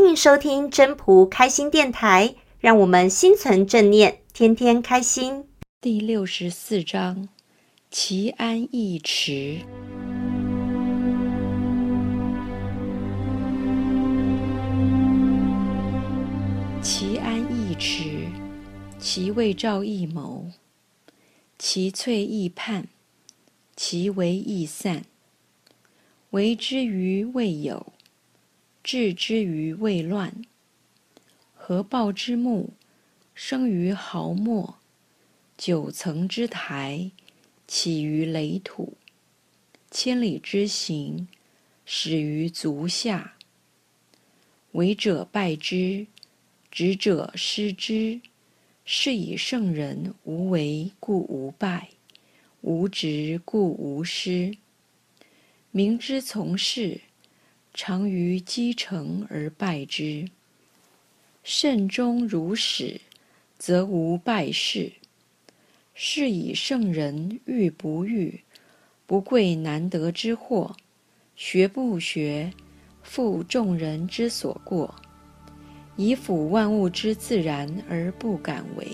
歡迎收聽真樸開心電臺，讓我們心存正念，天天開心。第六十四章：其安易持，其安易持，其未兆易謀，其脆易泮，其微易散，為之於未有。治之於未亂，合抱之木，生於毫末；九層之台，起於壘土；千里之行，始於足下。為者敗之，執者失之。是以聖人無為，故無敗；無執，故無失。民之從事。常於幾成而敗之。慎終如始，則無敗事。是以聖人欲不欲，不貴難得之貨；學不學，復眾人之所過，以輔萬物之自然而不敢為。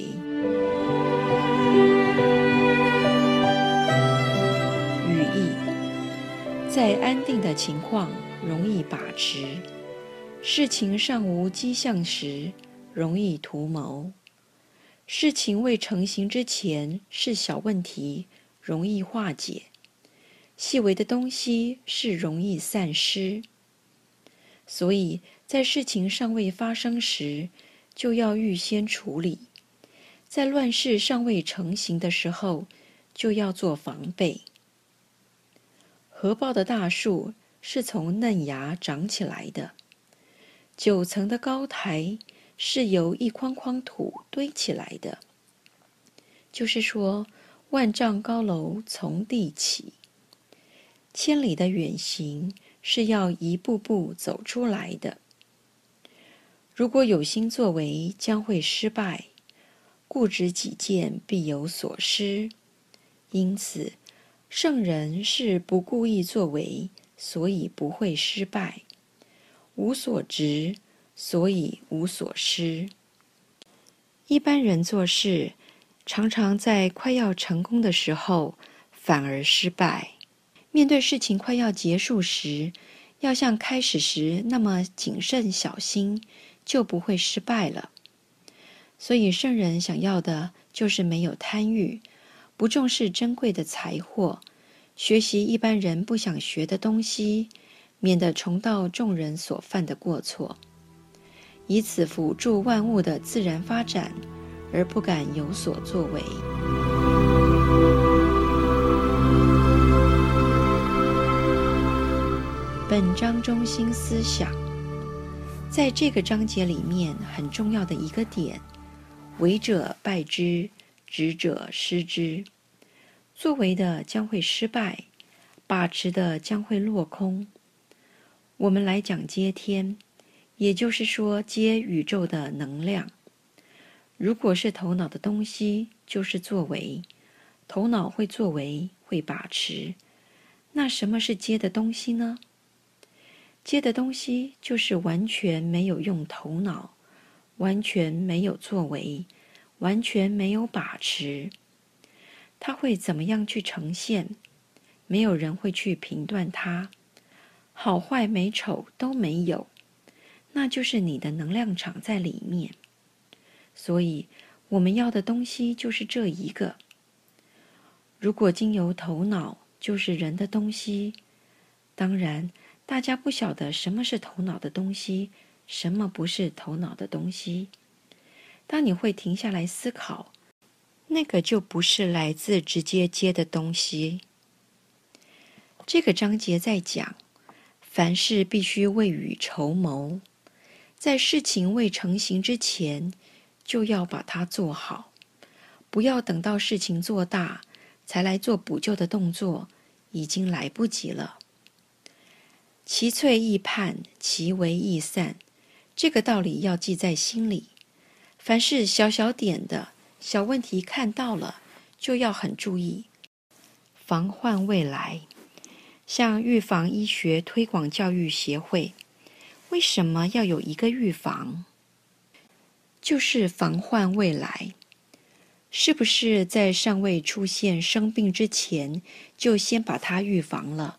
語意，在安定的情況，容易把持，事情尚無跡象時，容易圖謀；事情未成型之前是小問題，容易化解。細微的東西是容易散失，所以在事情尚未發生時，就要預先處理；在亂世尚未成型的時候，就要做防備。合抱的大樹。是從嫩芽長起來的，九層的高台是由一筐筐土堆起來的。就是說，萬丈高樓從地起，千里的遠行是要一步步走出來的。如果有心作為，將會失敗；固執己見，必有所失。因此，聖人是不故意作為。所以不會失敗，無所執，所以無所失。一般人做事，常常在快要成功的時候反而失敗。面對事情快要結束時，要像開始時那麼謹慎小心，就不會失敗了。所以聖人想要的就是沒有貪欲，不重視珍貴的財貨。學習一般人不想學的東西，免得重蹈眾人所犯的過錯，以此輔助萬物的自然發展，而不敢有所作為。本章中心思想，在這個章節裡面很重要的一個點：為者敗之，執者失之。作為的將會失敗，把持的將會落空。我們來講接天，也就是說接宇宙的能量。如果是頭腦的東西，就是作為，頭腦會作為，會把持。那什麼是接的東西呢？接的東西就是完全沒有用頭腦，完全沒有作為，完全沒有把持。它會怎麼樣去呈現？沒有人會去評斷它，好壞美醜都沒有，那就是你的能量場在裡面。所以我們要的東西就是這一個。如果經由頭腦，就是人的東西。當然，大家不曉得什麼是頭腦的東西，什麼不是頭腦的東西。當你會停下來思考。那個就不是來自直接接的東西。這個章節在講，凡事必須未雨綢繆，在事情未成形之前，就要把它做好，不要等到事情做大才來做補救的動作，已經來不及了。其脆易泮，其微易散，這個道理要記在心裡。凡是小小點的。小問題看到了就要很注意，防患未來。像預防醫學推廣教育協會，為什麼要有一個預防？就是防患未來，是不是在尚未出現生病之前就先把它預防了，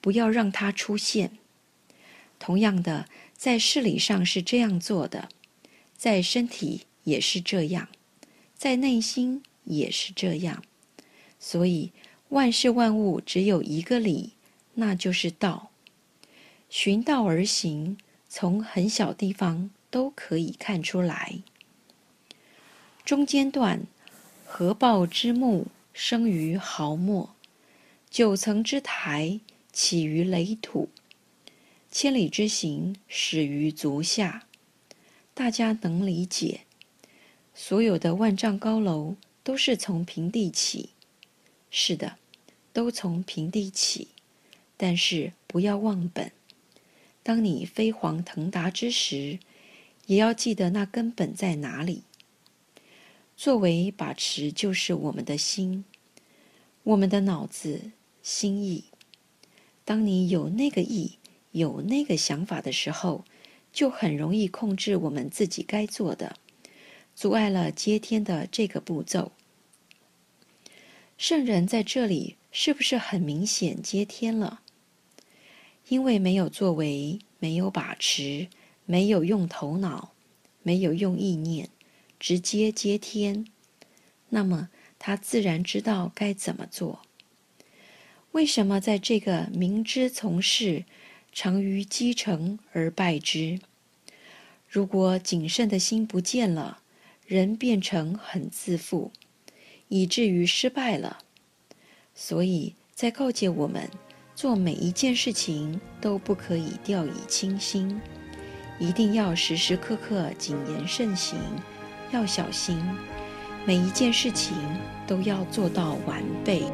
不要讓它出現？同樣的，在事理上是這樣做的，在身體也是這樣。在內心也是這樣，所以萬事萬物只有一個理，那就是道。循道而行，從很小地方都可以看出來。中間段，合抱之木，生於毫末；九層之台，起於壘土；千里之行，始於足下。大家能理解。所有的萬丈高樓都是從平地起，是的，都從平地起。但是不要忘本。當你飛黃騰達之時，也要記得那根本在哪裡。作為把持，就是我們的心，我們的腦子、心意。當你有那個意、有那個想法的時候，就很容易控制我們自己該做的。阻礙了接天的這個步驟。聖人在這裡是不是很明顯接天了？因為沒有作為，沒有把持，沒有用頭腦，沒有用意念，直接接天，那麼他自然知道該怎麼做。為什麼在這個民之從事，常於幾成而敗之？如果謹慎的心不見了，人變成很自負，以至於失敗了。所以，在告誡我們，做每一件事情都不可以掉以輕心，一定要時時刻刻謹言慎行，要小心，每一件事情都要做到完備。